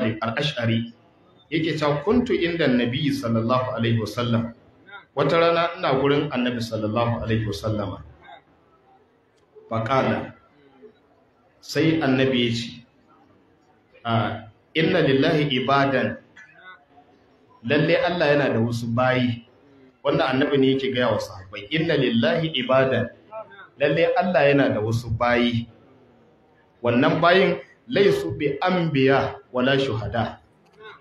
al-ash'ari yake cewa kuntu inda nabi sallallahu alaihi wasallam wata rana ina gurin annabi sallallahu alaihi wasallama faqala sai annabi ya ce inna lillahi ibadan lalle Allah yana da wasu bayi wannan annabi ne yake gaya wa sahabbai inna lillahi ibadan lalle Allah yana da wasu bayi wannan bayin laisu bi anbiya wala shuhada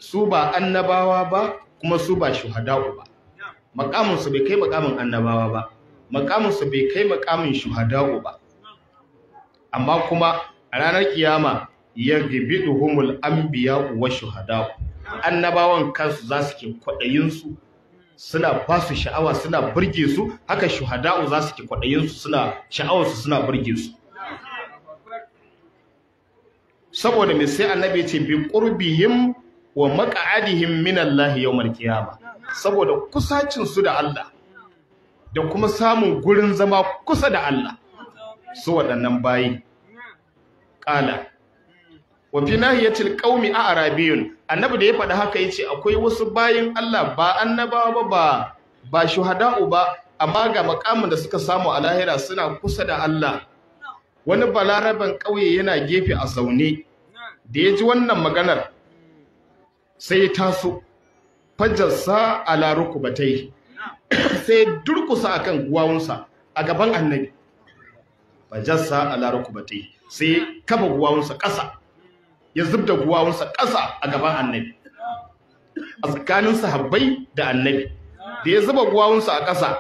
su ba annabawa ba kuma su ba ku ba makamin su bai kai makamin annabawa ba makamin su bai kai makamin ku ba amma kuma a ranar kiyama duhumul anbiya wa shuhada annabawan kansu za su ke kwaɗayin su suna ba su sha'awa suna burge su haka shuhada za su ke kwaɗayin su suna sha'awar su suna burge su saboda me sai annabi ce bi qurbihim wa maq'adihim min Allah yawmal qiyama saboda kusacin su da Allah da kuma samun gurin zama kusa da Allah su waɗannan bayi Ƙala. wa fi nahiyatil qaumi a arabiyun annabi da ya faɗi haka yace akwai wasu bayin Allah ba annabawa ba ba ba shuhada'u ba amma ga makamin da suka samu a lahira suna kusa da Allah wani balaraban ƙauye yana gefe a zaune da ya ji wannan maganar sai taso fajarsa a laruku batai sai durkusa akan guwawunsa a gaban annabi fajarsa a laruku batai sai kafa guwawunsa ƙasa ya zubda guwawunsa ƙasa a gaban annabi a tsakanin sahabbai da annabi da ya zuba guwawunsa a ƙasa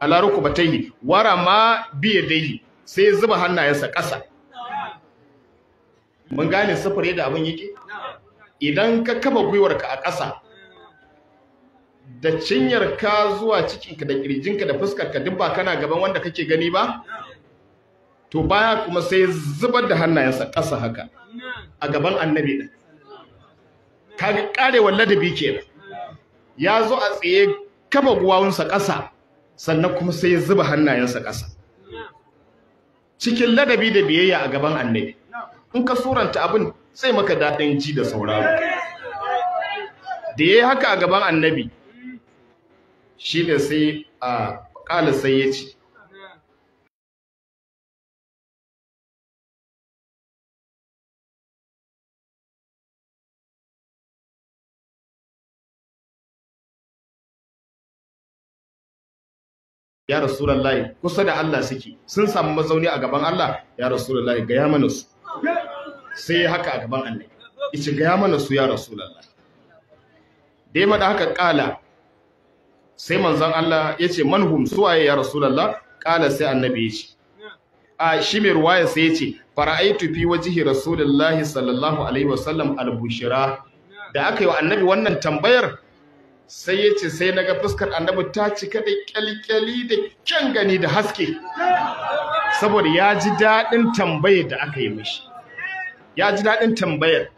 a laruku batai wara ma biye dai sai ya zuba hannayensa ƙasa mun gane sufuri yadda abin yake idan ka kafa gwiwarka a ƙasa da cinyar ka zuwa cikinka da ƙirjinka da fuskarka duk ba kana gaban wanda kake gani ba to baya kuma sai zubar da hannayensa ƙasa haka a gaban annabi ɗin kaga ƙarewar ladabi kenan ya zo a tsaye kafa guwawunsa ƙasa sannan kuma sai zuba hannayensa ƙasa cikin ladabi da biyayya a gaban annabi in ka suranta abin sai maka daɗin ji da sauraro da yayi haka a gaban annabi shi ne sai a ƙala sai ya ce ya lallai, kusa da Allah suke sun samu mazauni a gaban Allah ya lallai, gaya mana su sai haka a gaban annabi ice gaya mana su ya Da dai mada haka kala sai manzon Allah yace manhum suwaye ya lallai? kala sai annabi yace a shi mai ruwaya sai yace fara'aitu fi wajhi rasulullahi sallallahu alaihi wasallam albushira da aka yi wa annabi wannan tambayar sai ya ce sai na ga fuskar annabi ta cika da kyalkyali da kyan gani da haske saboda ya ji daɗin tambayar da aka yi mishi ya ji daɗin tambayar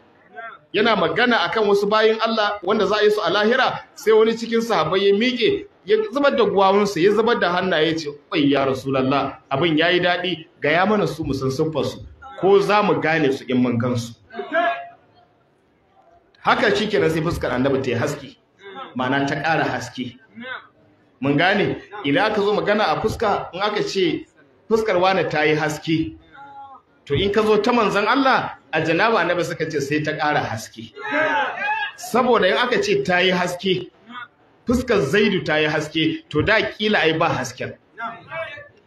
yana magana akan wasu bayin Allah wanda za a yi su a lahira sai wani cikin sahabbai ya miƙe ya zubar da guwawunsa ya zubar da hannaye ya ce ƙwai ya rasulallah abin ya yi daɗi ga ya mana su mu san siffarsu ko za mu gane su in mun gansu haka shi kenan sai fuskar annabi ta yi haske Mana ta ƙara haske mun gane idan aka zo magana a fuska in aka ce fuskar wani ta yi haske to in ka zo ta manzan Allah a janaba annabi suka ce sai ta ƙara haske saboda in aka ce ta yi haske fuskar zaidu ta yi haske to da ƙila ai ba hasken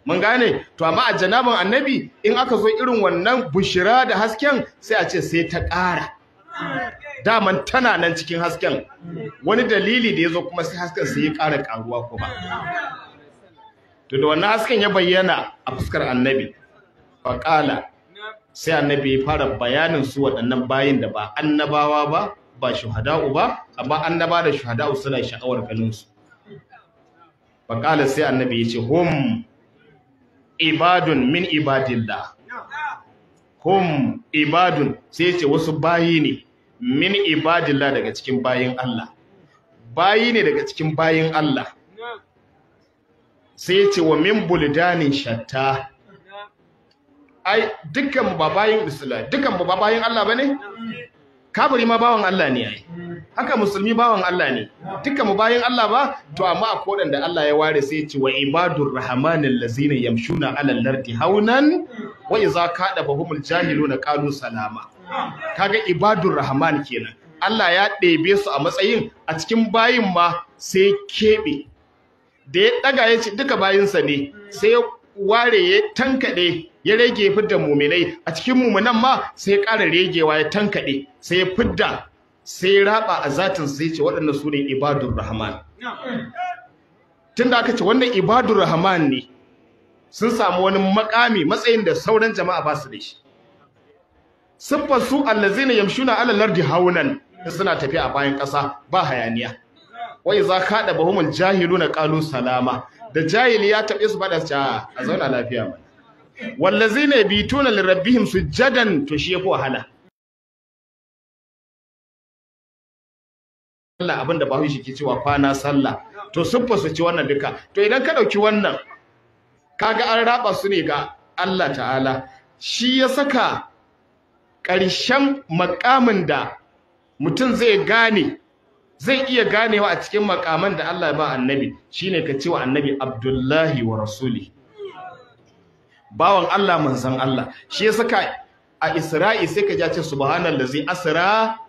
mun gane to amma a janaban annabi in aka zo irin wannan bushira da hasken sai a ce sai ta ƙara daman tana nan cikin hasken wani dalili da ya zo kuma sai hasken sai ya ƙara ƙaruwa kuma to da wannan hasken ya bayyana a fuskar annabi faƙala sai annabi ya fara bayanin su waɗannan bayin da ba annabawa ba ba shuhada'u ba amma annaba da shuhada'u suna sha'awar ganin su faƙala sai annabi ya ce hum ibadun min ibadillah hum ibadun sai ce wasu bayi ne min ibadillah daga cikin bayin Allah bayi ne daga cikin bayin Allah sai ce wa min buldanin shatta ai dukkan ba bayin isla dukkan ba bayin Allah bane kafiri ma bawan Allah ne ai haka musulmi bawan Allah ne duka mu bayan Allah ba to amma akwai da Allah ya ware sai ci ce wa ibadur rahmanil lazina yamshuna al lardi haunan wa iza kadabahumul jahiluna qalu salama kaga ibadur rahman kenan Allah ya ɗebe su a matsayin a cikin bayin ma sai keɓe da ya ɗaga ya ci duka bayinsa ne sai ware ya tankaɗe ya rage fidda muminai a cikin mumunan ma sai ya ƙara regewa ya tankaɗe, sai ya fidda sai ya raba a zatin sai ce waɗannan su ne ibadur rahman tunda aka ce wannan Ibadun rahman ne sun samu wani makami matsayin da sauran jama'a ba su da shi siffar su allazina yamshuna ala lardi haunan suna tafiya a bayan ƙasa ba hayaniya wai za ka da bahumul jahiluna qalu salama da jahili ya tabe su bada a zauna lafiya mai wallazina yabituna lirabbihim Jadan to shi yafi wahala Allah abinda bahu shi ke cewa kwana sallah to sun su ci wannan duka to idan ka dauki wannan kaga an raba su ne ga Allah ta'ala shi ya saka ƙarshen makamin da mutum zai gane zai iya ganewa a cikin makaman da Allah ya ba annabi shine ka ce wa annabi Abdullahi wa rasuli bawan Allah manzon Allah shi ya saka a Isra'i sai ka ja ce subhanallazi asra